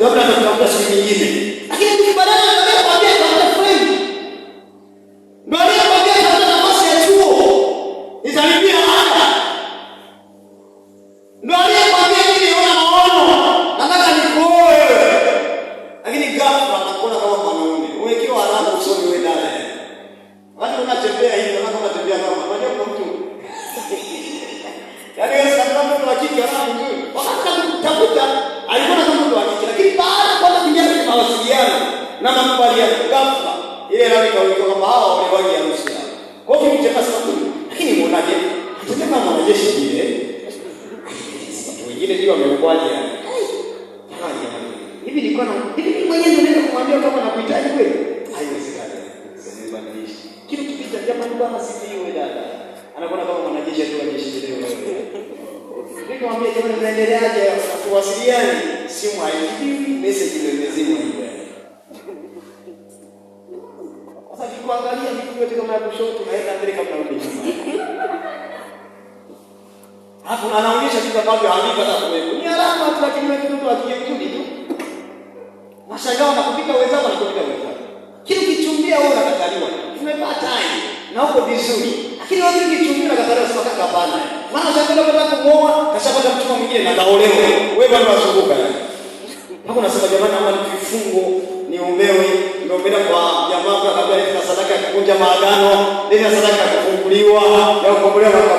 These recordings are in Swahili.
labda atakuta siku nyingine, lakini baadaye na makubaliano ghafla ile nao ikawekwa kwamba hawa waliwahi ya Rusia. Kwa hiyo sana sabuni, lakini muonaje? kama mwanajeshi vile wengine ndio wamekuaje hivi nilikuwa na hivi mimi mwenyewe naweza kumwambia kama nakuhitaji kweli? Haiwezekani. Sasa kitu kipita jamani, bwana sisi dada anakuwa kama mwanajeshi tu wa jeshi leo. Nikamwambia jamani, tunaendeleaje? Tuwasiliane, simu haijibiwi, message ile hiyo. kuangalia miguu yote kama ya kushoto naenda mbele kama rudi. Hapo anaonyesha kitu ambacho haliko hata kuwepo. Ni alama tu lakini mtoto akijirudi tu. na kupika wenzao na kupika wenzao. Kile kichumbia wewe unakataliwa. Tumepata hai na uko vizuri. Lakini wewe ukichumbia unakataliwa sio kaka bana. Maana sasa utakenda kutaka kuoa kashapata mchumba mwingine na kaolewa. Wewe bado unazunguka. Hapo nasema jamani, ama kifungo ni umbewe kuvunja maagano, lile sadaka ya kufunguliwa ya kukombolewa na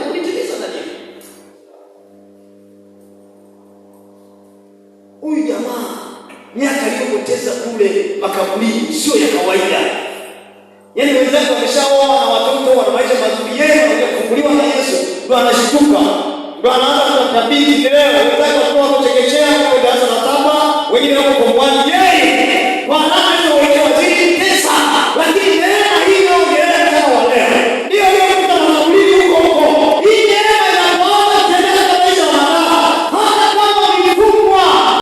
Huyu jamaa miaka aliyopoteza kule makaburini sio ya kawaida. Yaani wenzake wameshaoa na watoto wana maisha mazuri, yeye anakuja na Yesu ndio anashtuka, ndio anaanza kutabiri leo. Wenzake wakuwa wakuchekechea kwa darasa la saba, wengine wako kwa mwani